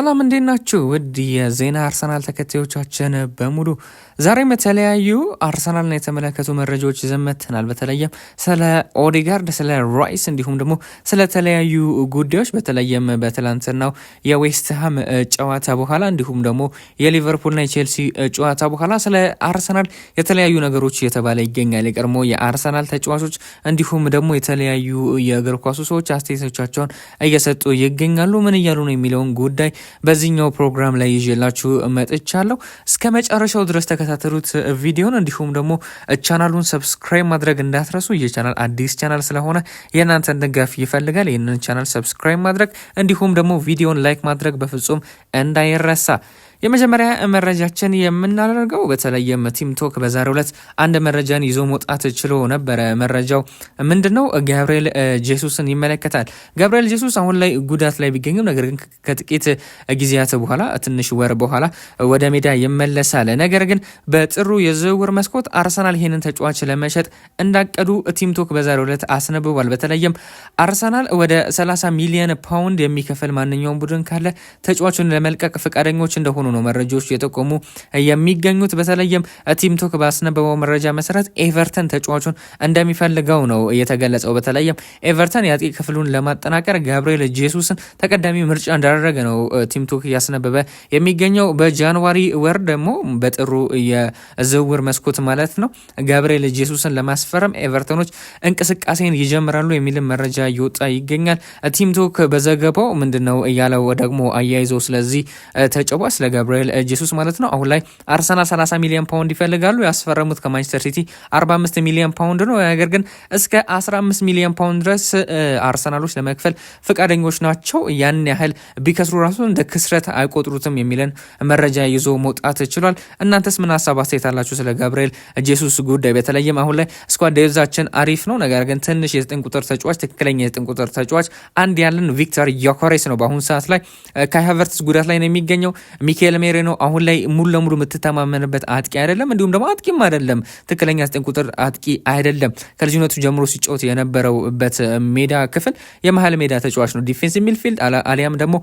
ሰላም እንዴት ናችሁ? ውድ የዜና አርሰናል ተከታዮቻችን በሙሉ ዛሬም የተለያዩ አርሰናልን የተመለከቱ መረጃዎች ይዘመትናል በተለየም በተለይም ስለ ኦዲጋርድ፣ ስለ ራይስ እንዲሁም ደግሞ ስለተለያዩ ጉዳዮች በተለይም በትላንትናው የዌስትሃም ጨዋታ በኋላ እንዲሁም ደግሞ የሊቨርፑልና የቼልሲ ጨዋታ በኋላ ስለ አርሰናል የተለያዩ ነገሮች እየተባለ ይገኛል። የቀድሞ የአርሰናል ተጫዋቾች እንዲሁም ደግሞ የተለያዩ የእግር ኳሱ ሰዎች አስተያየቶቻቸውን እየሰጡ ይገኛሉ። ምን እያሉ ነው የሚለውን ጉዳይ በዚህኛው ፕሮግራም ላይ ይዤላችሁ መጥቻለሁ። እስከ መጨረሻው ድረስ ተከታተሉት ቪዲዮን። እንዲሁም ደግሞ ቻናሉን ሰብስክራይብ ማድረግ እንዳትረሱ። ይህ ቻናል አዲስ ቻናል ስለሆነ የእናንተን ደጋፊ ይፈልጋል። ይህንን ቻናል ሰብስክራይብ ማድረግ እንዲሁም ደግሞ ቪዲዮን ላይክ ማድረግ በፍጹም እንዳይረሳ። የመጀመሪያ መረጃችን የምናደርገው በተለይም ቲምቶክ በዛሬው ዕለት አንድ መረጃን ይዞ መውጣት ችሎ ነበረ። መረጃው ምንድን ነው? ገብርኤል ጄሱስን ይመለከታል። ገብርኤል ጄሱስ አሁን ላይ ጉዳት ላይ ቢገኝም ነገር ግን ከጥቂት ጊዜያት በኋላ ትንሽ ወር በኋላ ወደ ሜዳ ይመለሳል። ነገር ግን በጥሩ የዝውውር መስኮት አርሰናል ይህንን ተጫዋች ለመሸጥ እንዳቀዱ ቲምቶክ በዛሬው ዕለት አስነብቧል። በተለይም አርሰናል ወደ 30 ሚሊዮን ፓውንድ የሚከፈል ማንኛውም ቡድን ካለ ተጫዋቹን ለመልቀቅ ፈቃደኞች እንደሆኑ መሆኑ ነው መረጃዎች እየጠቆሙ የሚገኙት። በተለይም ቲምቶክ ባስነበበው መረጃ መሰረት ኤቨርተን ተጫዋቹን እንደሚፈልገው ነው የተገለጸው። በተለይም ኤቨርተን የአጥቂ ክፍሉን ለማጠናቀር ጋብርኤል ጄሱስን ተቀዳሚ ምርጫ እንዳደረገ ነው ቲምቶክ እያስነበበ የሚገኘው። በጃንዋሪ ወር ደግሞ በጥሩ የዝውውር መስኮት ማለት ነው ጋብርኤል ጄሱስን ለማስፈረም ኤቨርተኖች እንቅስቃሴን ይጀምራሉ የሚልም መረጃ እየወጣ ይገኛል። ቲምቶክ በዘገባው ምንድነው እያለው ደግሞ አያይዘው ስለዚህ ተጫዋች ስለ ገብርኤል ጄሱስ ማለት ነው። አሁን ላይ አርሰናል 30 ሚሊዮን ፓውንድ ይፈልጋሉ። ያስፈረሙት ከማንቸስተር ሲቲ 45 ሚሊዮን ፓውንድ ነው። ነገር ግን እስከ 15 ሚሊዮን ፓውንድ ድረስ አርሰናሎች ለመክፈል ፈቃደኞች ናቸው። ያን ያህል ቢከስሩ ራሱ እንደ ክስረት አይቆጥሩትም የሚለን መረጃ ይዞ መውጣት ችሏል። እናንተስ ምን ሀሳብ አስተያየት አላችሁ ስለ ገብርኤል ጄሱስ ጉዳይ? በተለይም አሁን ላይ ስኳድ አሪፍ ነው። ነገር ግን ትንሽ የዘጠኝ ቁጥር ተጫዋች ትክክለኛ የዘጠኝ ቁጥር ተጫዋች አንድ ያለን ቪክተር ያኮሬስ ነው በአሁኑ ሰዓት ላይ ካይ ሃቨርትስ ጉዳት ላይ ነው የሚገኘው ሚኬል ቴልሜሪ ነው አሁን ላይ ሙሉ ለሙሉ የምትተማመንበት አጥቂ አይደለም፣ እንዲሁም ደግሞ አጥቂም አይደለም። ትክክለኛ ዘጠኝ ቁጥር አጥቂ አይደለም። ከልጅነቱ ጀምሮ ሲጫወት የነበረውበት ሜዳ ክፍል የመሀል ሜዳ ተጫዋች ነው። ዲፌንስ ሚልፊልድ አሊያም ደግሞ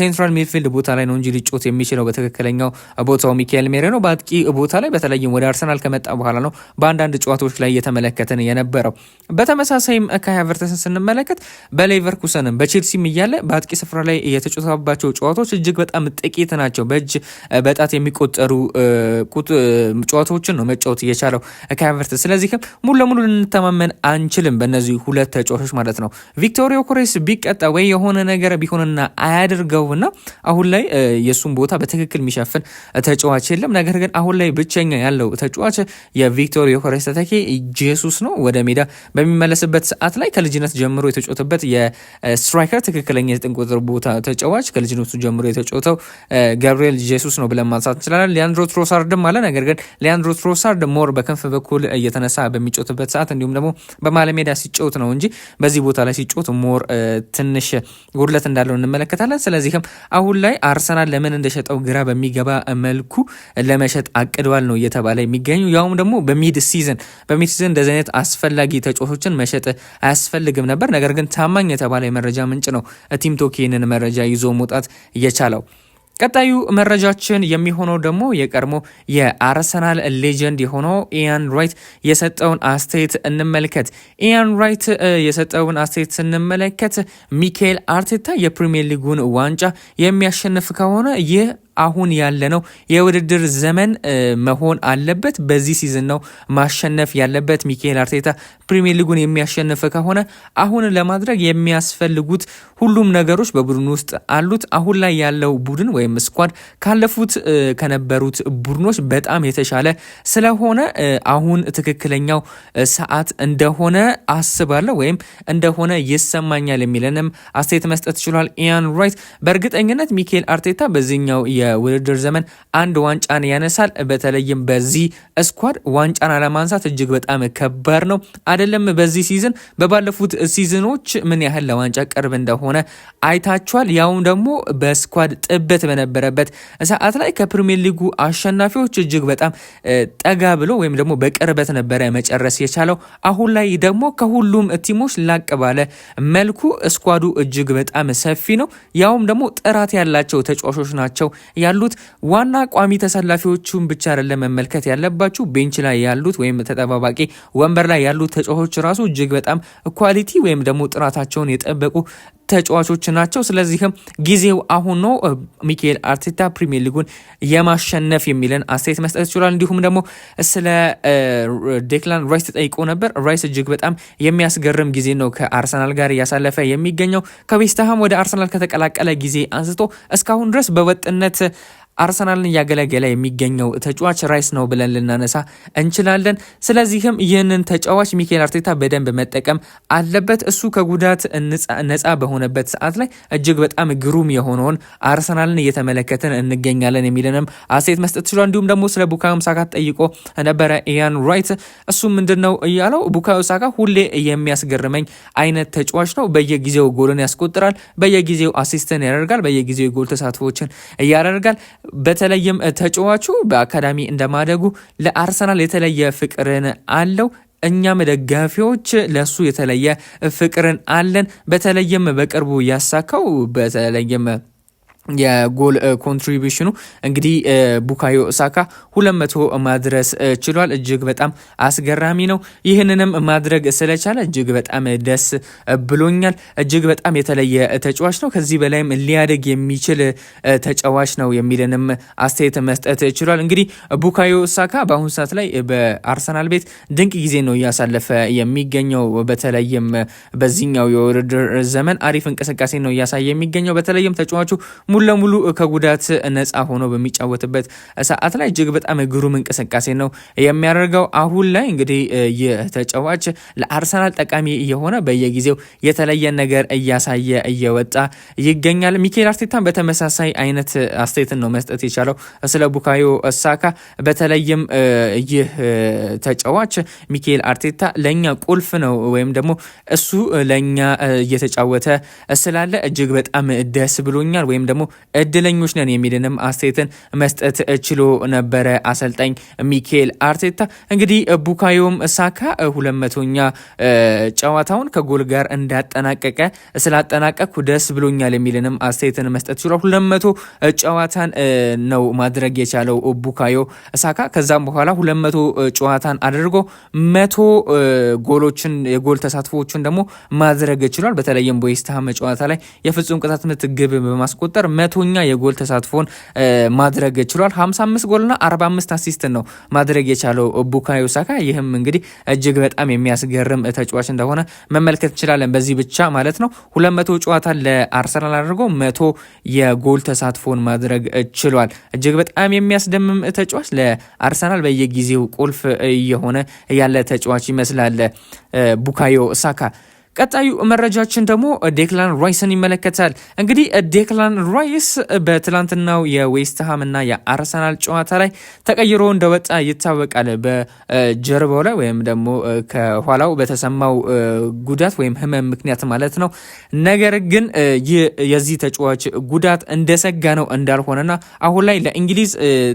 ሴንትራል ሚልፊልድ ቦታ ላይ ነው እንጂ ሊጫወት የሚችለው በትክክለኛው ቦታው ሚካኤል ሜሬ ነው። በአጥቂ ቦታ ላይ በተለይም ወደ አርሰናል ከመጣ በኋላ ነው በአንዳንድ ጨዋታዎች ላይ እየተመለከትን የነበረው። በተመሳሳይም ካይ ስንመለከት በሌቨርኩሰንም በቼልሲም እያለ በአጥቂ ስፍራ ላይ የተጫወተባቸው ጨዋታዎች እጅግ በጣም ጥቂት ናቸው። እጅ በጣት የሚቆጠሩ ጨዋታዎችን ነው መጫወት እየቻለው ካቨርትስ። ስለዚህም ሙሉ ለሙሉ ልንተማመን አንችልም በእነዚህ ሁለት ተጫዋቾች ማለት ነው። ቪክቶር ኮሬስ ቢቀጣ ወይ የሆነ ነገር ቢሆንና አያደርገውና አሁን ላይ የእሱን ቦታ በትክክል የሚሸፍን ተጫዋች የለም። ነገር ግን አሁን ላይ ብቸኛ ያለው ተጫዋች የቪክቶር ኮሬስ ተተኪ ጄሱስ ነው። ወደ ሜዳ በሚመለስበት ሰዓት ላይ ከልጅነት ጀምሮ የተጫወተበት የስትራይከር ትክክለኛ የዘጠኝ ቁጥር ቦታ ተጫዋች ከልጅነቱ ጀምሮ የተጫወተው ገብርኤል ጄሱስ ነው ብለን ማንሳት እንችላለን። ሊያንድሮ ትሮሳርድም አለ። ነገር ግን ሊያንድሮ ትሮሳርድ ሞር በክንፍ በኩል እየተነሳ በሚጮትበት ሰዓት እንዲሁም ደግሞ በመሀል ሜዳ ሲጮት ነው እንጂ በዚህ ቦታ ላይ ሲጮት ሞር ትንሽ ጉድለት እንዳለው እንመለከታለን። ስለዚህም አሁን ላይ አርሰናል ለምን እንደሸጠው ግራ በሚገባ መልኩ ለመሸጥ አቅደዋል ነው እየተባለ የሚገኙ ያውም ደግሞ በሚድ ሲዝን በሚድ ሲዝን እንደዚህ አይነት አስፈላጊ ተጫዋቾችን መሸጥ አያስፈልግም ነበር። ነገር ግን ታማኝ የተባለ የመረጃ ምንጭ ነው ቲም ቶክ ይህንን መረጃ ይዞ መውጣት እየቻለው። ቀጣዩ መረጃችን የሚሆነው ደግሞ የቀድሞ የአርሰናል ሌጀንድ የሆነው ኢያን ራይት የሰጠውን አስተያየት እንመልከት። ኢያን ራይት የሰጠውን አስተያየት ስንመለከት ሚካኤል አርቴታ የፕሪምየር ሊጉን ዋንጫ የሚያሸንፍ ከሆነ ይህ አሁን ያለነው የውድድር ዘመን መሆን አለበት። በዚህ ሲዝን ነው ማሸነፍ ያለበት። ሚካኤል አርቴታ ፕሪሚየር ሊጉን የሚያሸንፍ ከሆነ አሁን ለማድረግ የሚያስፈልጉት ሁሉም ነገሮች በቡድን ውስጥ አሉት። አሁን ላይ ያለው ቡድን ወይም ስኳድ ካለፉት ከነበሩት ቡድኖች በጣም የተሻለ ስለሆነ አሁን ትክክለኛው ሰዓት እንደሆነ አስባለሁ ወይም እንደሆነ ይሰማኛል የሚለንም አስተያየት መስጠት ችሏል ኢያን ራይት። በእርግጠኝነት ሚካኤል አርቴታ በዚህኛው የ የውድድር ዘመን አንድ ዋንጫን ያነሳል። በተለይም በዚህ ስኳድ ዋንጫን አለማንሳት እጅግ በጣም ከባድ ነው። አይደለም በዚህ ሲዝን በባለፉት ሲዝኖች ምን ያህል ለዋንጫ ቅርብ እንደሆነ አይታችኋል። ያውም ደግሞ በስኳድ ጥበት በነበረበት ሰዓት ላይ ከፕሪሚየር ሊጉ አሸናፊዎች እጅግ በጣም ጠጋ ብሎ ወይም ደግሞ በቅርበት ነበረ መጨረስ የቻለው። አሁን ላይ ደግሞ ከሁሉም ቲሞች ላቅ ባለ መልኩ ስኳዱ እጅግ በጣም ሰፊ ነው። ያውም ደግሞ ጥራት ያላቸው ተጫዋቾች ናቸው ያሉት ዋና ቋሚ ተሰላፊዎቹን ብቻ አይደለም መመልከት ያለባችሁ። ቤንች ላይ ያሉት ወይም ተጠባባቂ ወንበር ላይ ያሉት ተጫዋቾች ራሱ እጅግ በጣም ኳሊቲ ወይም ደግሞ ጥራታቸውን የጠበቁ ተጫዋቾች ናቸው። ስለዚህም ጊዜው አሁን ነው። ሚካኤል አርቴታ ፕሪሚየር ሊጉን የማሸነፍ የሚለን አስተያየት መስጠት ይችላል። እንዲሁም ደግሞ ስለ ዴክላን ራይስ ተጠይቆ ነበር። ራይስ እጅግ በጣም የሚያስገርም ጊዜ ነው ከአርሰናል ጋር እያሳለፈ የሚገኘው። ከዌስትሃም ወደ አርሰናል ከተቀላቀለ ጊዜ አንስቶ እስካሁን ድረስ በወጥነት አርሰናልን እያገለገለ የሚገኘው ተጫዋች ራይስ ነው ብለን ልናነሳ እንችላለን። ስለዚህም ይህንን ተጫዋች ሚኬል አርቴታ በደንብ መጠቀም አለበት። እሱ ከጉዳት ነጻ በሆነበት ሰዓት ላይ እጅግ በጣም ግሩም የሆነውን አርሰናልን እየተመለከትን እንገኛለን የሚልንም አስተያየት መስጠት ችሏል። እንዲሁም ደግሞ ስለ ቡካዮ ሳካ ጠይቆ ነበረ ኢያን ራይት። እሱ ምንድን ነው እያለው ቡካዮ ሳካ ሁሌ የሚያስገርመኝ አይነት ተጫዋች ነው። በየጊዜው ጎልን ያስቆጥራል፣ በየጊዜው አሲስትን ያደርጋል፣ በየጊዜው የጎል ተሳትፎችን እያደርጋል በተለይም ተጫዋቹ በአካዳሚ እንደማደጉ ለአርሰናል የተለየ ፍቅርን አለው። እኛም ደጋፊዎች ለሱ የተለየ ፍቅርን አለን። በተለይም በቅርቡ ያሳካው በተለይም የጎል ኮንትሪቢሽኑ እንግዲህ ቡካዮ ሳካ ሁለት መቶ ማድረስ ችሏል። እጅግ በጣም አስገራሚ ነው። ይህንንም ማድረግ ስለቻለ እጅግ በጣም ደስ ብሎኛል። እጅግ በጣም የተለየ ተጫዋች ነው። ከዚህ በላይም ሊያደግ የሚችል ተጫዋች ነው የሚልንም አስተያየት መስጠት ችሏል። እንግዲህ ቡካዮ ሳካ በአሁኑ ሰዓት ላይ በአርሰናል ቤት ድንቅ ጊዜ ነው እያሳለፈ የሚገኘው። በተለይም በዚህኛው የውድድር ዘመን አሪፍ እንቅስቃሴ ነው እያሳየ የሚገኘው። በተለይም ተጫዋቹ ሙሉ ለሙሉ ከጉዳት ነፃ ሆኖ በሚጫወትበት ሰዓት ላይ እጅግ በጣም ግሩም እንቅስቃሴ ነው የሚያደርገው። አሁን ላይ እንግዲህ ተጫዋች ለአርሰናል ጠቃሚ የሆነ በየጊዜው የተለየ ነገር እያሳየ እየወጣ ይገኛል። ሚኬል አርቴታን በተመሳሳይ አይነት አስተያየትን ነው መስጠት የቻለው ስለ ቡካዮ ሳካ። በተለይም ይህ ተጫዋች ሚኬል አርቴታ ለእኛ ቁልፍ ነው ወይም ደግሞ እሱ ለእኛ እየተጫወተ ስላለ እጅግ በጣም ደስ ብሎኛል ወይም ደግሞ እድለኞች ነን የሚልንም አስተያየትን መስጠት ችሎ ነበረ አሰልጣኝ ሚኬል አርቴታ። እንግዲህ ቡካዮም ሳካ ሁለት መቶኛ ጨዋታውን ከጎል ጋር እንዳጠናቀቀ ስላጠናቀቅኩ ደስ ብሎኛል የሚልንም አስተያየትን መስጠት ችሏል። ሁለት መቶ ጨዋታን ነው ማድረግ የቻለው ቡካዮ ሳካ። ከዛም በኋላ ሁለት መቶ ጨዋታን አድርጎ መቶ ጎሎችን የጎል ተሳትፎዎችን ደግሞ ማድረግ ችሏል። በተለይም በዌስትሃም ጨዋታ ላይ የፍጹም ቅጣት ምት ግብ በማስቆጠር መቶኛ የጎል ተሳትፎን ማድረግ ችሏል። 55 ጎልና 45 አሲስትን ነው ማድረግ የቻለው ቡካዮ ሳካ። ይህም እንግዲህ እጅግ በጣም የሚያስገርም ተጫዋች እንደሆነ መመልከት እንችላለን። በዚህ ብቻ ማለት ነው 200 ጨዋታ ለአርሰናል አድርጎ መቶ የጎል ተሳትፎን ማድረግ ችሏል። እጅግ በጣም የሚያስደምም ተጫዋች ለአርሰናል በየጊዜው ቁልፍ እየሆነ ያለ ተጫዋች ይመስላል ቡካዮ ሳካ። ቀጣዩ መረጃችን ደግሞ ዴክላን ራይስን ይመለከታል። እንግዲህ ዴክላን ራይስ በትላንትናው የዌስትሃም እና የአርሰናል ጨዋታ ላይ ተቀይሮ እንደወጣ ይታወቃል። በጀርባው ላይ ወይም ደግሞ ከኋላው በተሰማው ጉዳት ወይም ህመም ምክንያት ማለት ነው። ነገር ግን የዚህ ተጫዋች ጉዳት እንደሰጋ ነው እንዳልሆነና አሁን ላይ ለእንግሊዝ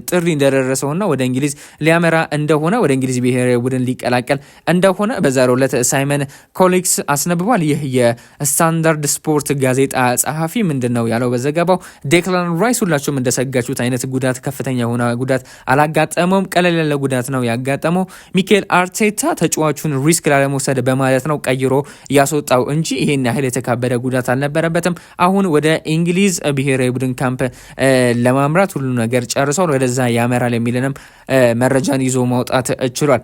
ጥሪ እንደደረሰውና ወደ እንግሊዝ ሊያመራ እንደሆነ ወደ እንግሊዝ ብሔራዊ ቡድን ሊቀላቀል እንደሆነ በዛሬው ዕለት ሳይመን ኮሊክስ አስነ አስነብቧል። ይህ የስታንዳርድ ስፖርት ጋዜጣ ጸሐፊ ምንድን ነው ያለው በዘገባው ዴክላን ራይስ ሁላችሁም እንደሰጋችሁት አይነት ጉዳት ከፍተኛ የሆነ ጉዳት አላጋጠመውም። ቀለል ያለ ጉዳት ነው ያጋጠመው። ሚካኤል አርቴታ ተጫዋቹን ሪስክ ላለመውሰድ በማለት ነው ቀይሮ ያስወጣው እንጂ ይሄን ያህል የተካበደ ጉዳት አልነበረበትም። አሁን ወደ እንግሊዝ ብሔራዊ ቡድን ካምፕ ለማምራት ሁሉ ነገር ጨርሰዋል። ወደዛ ያመራል የሚልንም መረጃን ይዞ ማውጣት ችሏል።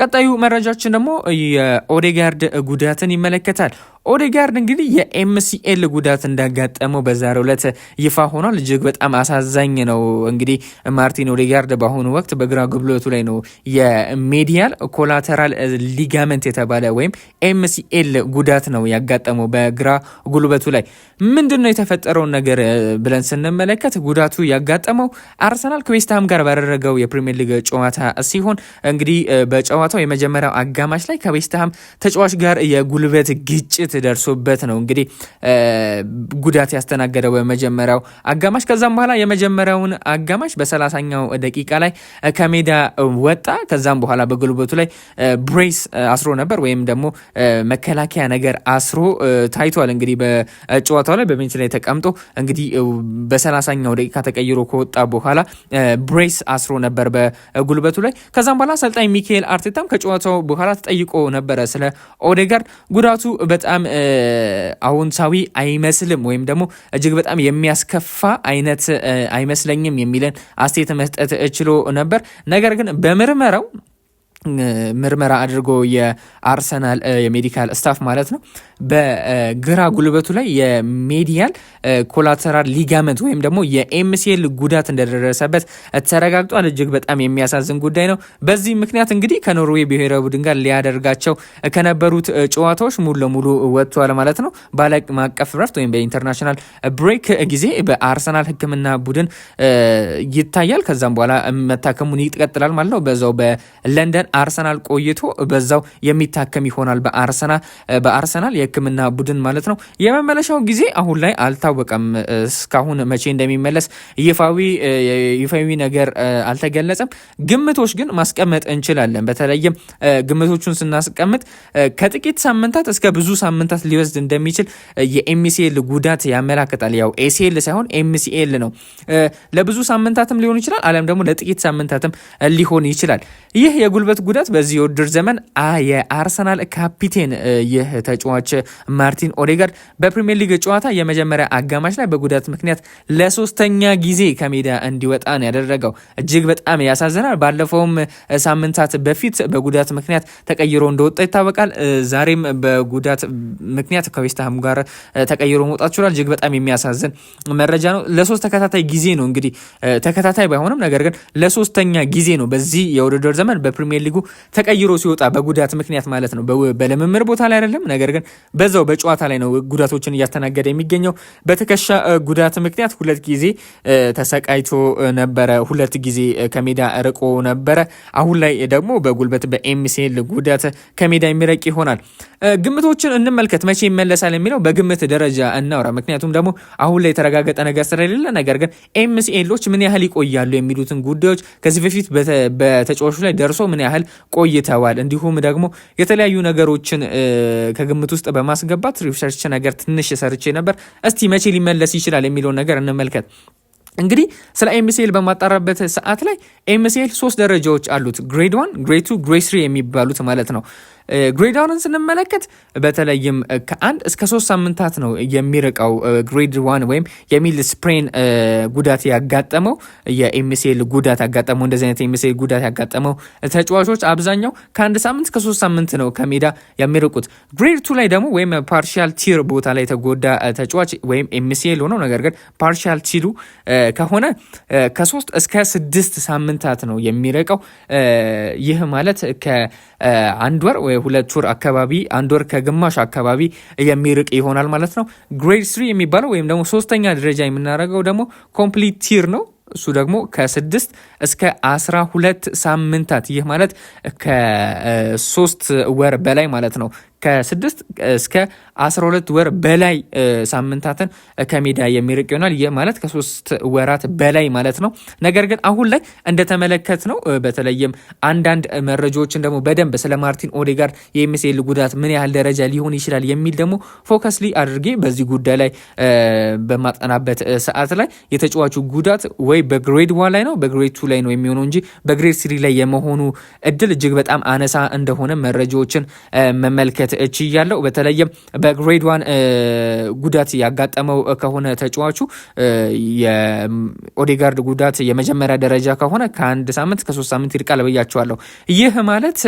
ቀጣዩ መረጃችን ደግሞ የኦዴጋርድ ጉዳትን ይመለከታል። ኦዴጋርድ እንግዲህ የኤምሲኤል ጉዳት እንዳጋጠመው በዛሬው ዕለት ይፋ ሆኗል። እጅግ በጣም አሳዛኝ ነው። እንግዲህ ማርቲን ኦዴጋርድ በአሁኑ ወቅት በግራ ጉልበቱ ላይ ነው የሜዲያል ኮላተራል ሊጋመንት የተባለ ወይም ኤምሲኤል ጉዳት ነው ያጋጠመው በግራ ጉልበቱ ላይ። ምንድን ነው የተፈጠረውን ነገር ብለን ስንመለከት ጉዳቱ ያጋጠመው አርሰናል ከዌስትሃም ጋር ባደረገው የፕሪሚየር ሊግ ጨዋታ ሲሆን እንግዲህ በጨዋ ጨዋታው የመጀመሪያው አጋማሽ ላይ ከዌስትሃም ተጫዋች ጋር የጉልበት ግጭት ደርሶበት ነው እንግዲህ ጉዳት ያስተናገደው በመጀመሪያው አጋማሽ። ከዛም በኋላ የመጀመሪያውን አጋማሽ በሰላሳኛው ደቂቃ ላይ ከሜዳ ወጣ። ከዛም በኋላ በጉልበቱ ላይ ብሬስ አስሮ ነበር ወይም ደግሞ መከላከያ ነገር አስሮ ታይቷል። እንግዲህ በጨዋታው ላይ በቤንች ላይ ተቀምጦ እንግዲህ በሰላሳኛው ደቂቃ ተቀይሮ ከወጣ በኋላ ብሬስ አስሮ ነበር በጉልበቱ ላይ። ከዛም በኋላ አሰልጣኝ ሚካኤል አርቴታ አርቴታም ከጨዋታው በኋላ ተጠይቆ ነበረ ስለ ኦዴጋርድ ጉዳቱ በጣም አዎንታዊ አይመስልም ወይም ደግሞ እጅግ በጣም የሚያስከፋ አይነት አይመስለኝም የሚለን አስተያየት መስጠት ችሎ ነበር። ነገር ግን በምርመራው ምርመራ አድርጎ የአርሰናል የሜዲካል ስታፍ ማለት ነው በግራ ጉልበቱ ላይ የሜዲያል ኮላተራል ሊጋመንት ወይም ደግሞ የኤምሲኤል ጉዳት እንደደረሰበት ተረጋግጧል። እጅግ በጣም የሚያሳዝን ጉዳይ ነው። በዚህ ምክንያት እንግዲህ ከኖርዌይ ብሔራዊ ቡድን ጋር ሊያደርጋቸው ከነበሩት ጨዋታዎች ሙሉ ለሙሉ ወጥቷል ማለት ነው። በዓለም አቀፍ ረፍት ወይም በኢንተርናሽናል ብሬክ ጊዜ በአርሰናል ሕክምና ቡድን ይታያል። ከዛም በኋላ መታከሙን ይቀጥላል ማለት ነው በዛው በለንደን አርሰናል ቆይቶ በዛው የሚታከም ይሆናል። በአርሰናል የህክምና ቡድን ማለት ነው። የመመለሻው ጊዜ አሁን ላይ አልታወቀም። እስካሁን መቼ እንደሚመለስ ይፋዊ ይፋዊ ነገር አልተገለጸም። ግምቶች ግን ማስቀመጥ እንችላለን። በተለይም ግምቶቹን ስናስቀምጥ ከጥቂት ሳምንታት እስከ ብዙ ሳምንታት ሊወስድ እንደሚችል የኤምሲኤል ጉዳት ያመላክታል። ያው ኤሲኤል ሳይሆን ኤምሲኤል ነው። ለብዙ ሳምንታትም ሊሆን ይችላል፣ አለም ደግሞ ለጥቂት ሳምንታትም ሊሆን ይችላል። ይህ የጉልበት ጉዳት በዚህ የውድድር ዘመን የአርሰናል ካፒቴን ይህ ተጫዋች ማርቲን ኦዴጋርድ በፕሪሚየር ሊግ ጨዋታ የመጀመሪያ አጋማሽ ላይ በጉዳት ምክንያት ለሶስተኛ ጊዜ ከሜዳ እንዲወጣ ነው ያደረገው። እጅግ በጣም ያሳዝናል። ባለፈውም ሳምንታት በፊት በጉዳት ምክንያት ተቀይሮ እንደወጣ ይታወቃል። ዛሬም በጉዳት ምክንያት ከዌስትሃም ጋር ተቀይሮ መውጣት ችሏል። እጅግ በጣም የሚያሳዝን መረጃ ነው። ለሶስት ተከታታይ ጊዜ ነው እንግዲህ ተከታታይ ባይሆንም ነገር ግን ለሶስተኛ ጊዜ ነው በዚህ የውድድር ዘመን በፕሪሚየር ሊግ ሊጉ ተቀይሮ ሲወጣ በጉዳት ምክንያት ማለት ነው። በልምምድ ቦታ ላይ አይደለም፣ ነገር ግን በዛው በጨዋታ ላይ ነው ጉዳቶችን እያስተናገደ የሚገኘው። በትከሻ ጉዳት ምክንያት ሁለት ጊዜ ተሰቃይቶ ነበረ፣ ሁለት ጊዜ ከሜዳ ርቆ ነበረ። አሁን ላይ ደግሞ በጉልበት በኤምሲኤል ጉዳት ከሜዳ የሚረቅ ይሆናል። ግምቶችን እንመልከት፣ መቼ ይመለሳል የሚለው በግምት ደረጃ እናውራ። ምክንያቱም ደግሞ አሁን ላይ የተረጋገጠ ነገር ስለሌለ፣ ነገር ግን ኤምሲኤሎች ምን ያህል ይቆያሉ የሚሉትን ጉዳዮች ከዚህ በፊት በተጫዋቹ ላይ ደርሶ ምን ያህል ያህል ቆይተዋል። እንዲሁም ደግሞ የተለያዩ ነገሮችን ከግምት ውስጥ በማስገባት ሪሰርች ነገር ትንሽ ሰርቼ ነበር። እስቲ መቼ ሊመለስ ይችላል የሚለውን ነገር እንመልከት። እንግዲህ ስለ ኤምሲኤል በማጣራበት ሰዓት ላይ ኤምሲኤል ሶስት ደረጃዎች አሉት። ግሬድ ዋን፣ ግሬድ ቱ፣ ግሬድ ስሪ የሚባሉት ማለት ነው። ግሬዳውንን ስንመለከት በተለይም ከአንድ እስከ ሶስት ሳምንታት ነው የሚርቀው ግሬድ ዋን ወይም የሚል ስፕሬን ጉዳት ያጋጠመው የኤምሲኤል ጉዳት ያጋጠመው እንደዚህ አይነት የኤምሲኤል ጉዳት ያጋጠመው ተጫዋቾች አብዛኛው ከአንድ ሳምንት እስከ ሶስት ሳምንት ነው ከሜዳ የሚርቁት። ግሬድ ቱ ላይ ደግሞ ወይም ፓርሻል ቲር ቦታ ላይ የተጎዳ ተጫዋች ወይም ኤምሲኤል ሆነው ነገር ግን ፓርሻል ቲሉ ከሆነ ከሶስት እስከ ስድስት ሳምንታት ነው የሚርቀው። ይህ ማለት ከአንድ ወር ሁለት ወር አካባቢ አንድ ወር ከግማሽ አካባቢ የሚርቅ ይሆናል ማለት ነው። ግሬድ ስሪ የሚባለው ወይም ደግሞ ሶስተኛ ደረጃ የምናደርገው ደግሞ ኮምፕሊት ቲር ነው። እሱ ደግሞ ከስድስት እስከ አስራ ሁለት ሳምንታት ይህ ማለት ከሶስት ወር በላይ ማለት ነው ከስድስት እስከ 12 ወር በላይ ሳምንታትን ከሜዳ የሚርቅ ይሆናል። ይህ ማለት ከሶስት ወራት በላይ ማለት ነው። ነገር ግን አሁን ላይ እንደተመለከት ነው በተለይም አንዳንድ መረጃዎችን ደግሞ በደንብ ስለ ማርቲን ኦዴጋርድ የሚስል ጉዳት ምን ያህል ደረጃ ሊሆን ይችላል የሚል ደግሞ ፎከስሊ አድርጌ በዚህ ጉዳይ ላይ በማጠናበት ሰዓት ላይ የተጫዋቹ ጉዳት ወይ በግሬድ ዋን ላይ ነው በግሬድ ቱ ላይ ነው የሚሆነው እንጂ በግሬድ ስሪ ላይ የመሆኑ እድል እጅግ በጣም አነሳ እንደሆነ መረጃዎችን መመልከት እች እያለው በተለይም በግሬድ ዋን ጉዳት ያጋጠመው ከሆነ ተጫዋቹ የኦዴጋርድ ጉዳት የመጀመሪያ ደረጃ ከሆነ ከአንድ ሳምንት ከሶስት ሳምንት ይርቃል ብያቸዋለሁ። ይህ ማለት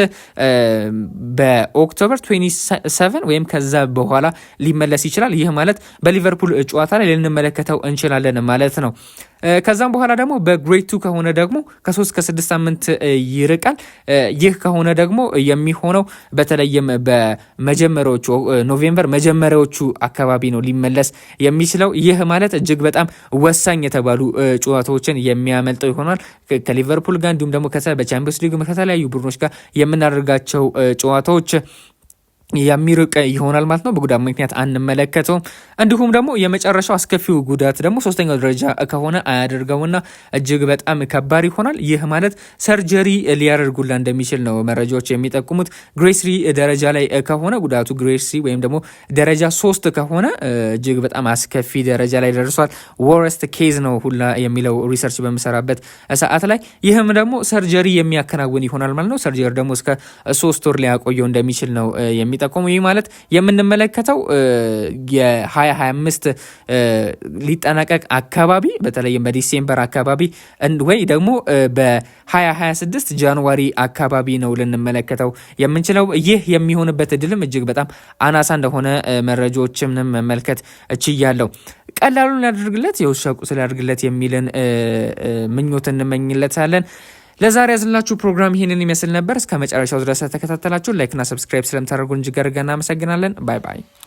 በኦክቶበር 27 ወይም ከዛ በኋላ ሊመለስ ይችላል። ይህ ማለት በሊቨርፑል ጨዋታ ላይ ልንመለከተው እንችላለን ማለት ነው። ከዛም በኋላ ደግሞ በግሬድ ቱ ከሆነ ደግሞ ከሶስት ከስድስት ሳምንት ይርቃል። ይህ ከሆነ ደግሞ የሚሆነው በተለይም በመጀመሪያዎቹ ኖቬምበር መጀመሪያዎቹ አካባቢ ነው ሊመለስ የሚችለው። ይህ ማለት እጅግ በጣም ወሳኝ የተባሉ ጨዋታዎችን የሚያመልጠው ይሆናል ከሊቨርፑል ጋር እንዲሁም ደግሞ በቻምፒዮንስ ሊግ ከተለያዩ ቡድኖች ጋር የምናደርጋቸው ጨዋታዎች የሚርቅ ይሆናል ማለት ነው። በጉዳት ምክንያት አንመለከተውም። እንዲሁም ደግሞ የመጨረሻው አስከፊው ጉዳት ደግሞ ሶስተኛው ደረጃ ከሆነ አያደርገውና እጅግ በጣም ከባድ ይሆናል። ይህ ማለት ሰርጀሪ ሊያደርጉላ እንደሚችል ነው መረጃዎች የሚጠቁሙት። ግሬስሪ ደረጃ ላይ ከሆነ ጉዳቱ ግሬስሪ ወይም ደግሞ ደረጃ ሶስት ከሆነ እጅግ በጣም አስከፊ ደረጃ ላይ ደርሷል። ወረስት ኬዝ ነው ሁላ የሚለው ሪሰርች በምሰራበት ሰዓት ላይ ይህም ደግሞ ሰርጀሪ የሚያከናውን ይሆናል ማለት ነው። ሰርጀሪ ደግሞ እስከ ሶስት ወር ሊያቆየው እንደሚችል ነው የሚጠ የሚጠቆሙ ይህ ማለት የምንመለከተው የ2025 ሊጠናቀቅ አካባቢ በተለይም በዲሴምበር አካባቢ ወይ ደግሞ በ2026 ጃንዋሪ አካባቢ ነው ልንመለከተው የምንችለው። ይህ የሚሆንበት እድልም እጅግ በጣም አናሳ እንደሆነ መረጃዎችም መመልከት እችያለሁ። ቀላሉን ሊያደርግለት የውሻ ቁስል ያድርግለት የሚልን ምኞት እንመኝለታለን። ለዛሬ ያዝንላችሁ ፕሮግራም ይህንን ይመስል ነበር። እስከ መጨረሻው ድረስ ተከታተላችሁ ላይክና ሰብስክራይብ ስለምታደርጉን እጅግ አድርገን እናመሰግናለን። ባይ ባይ።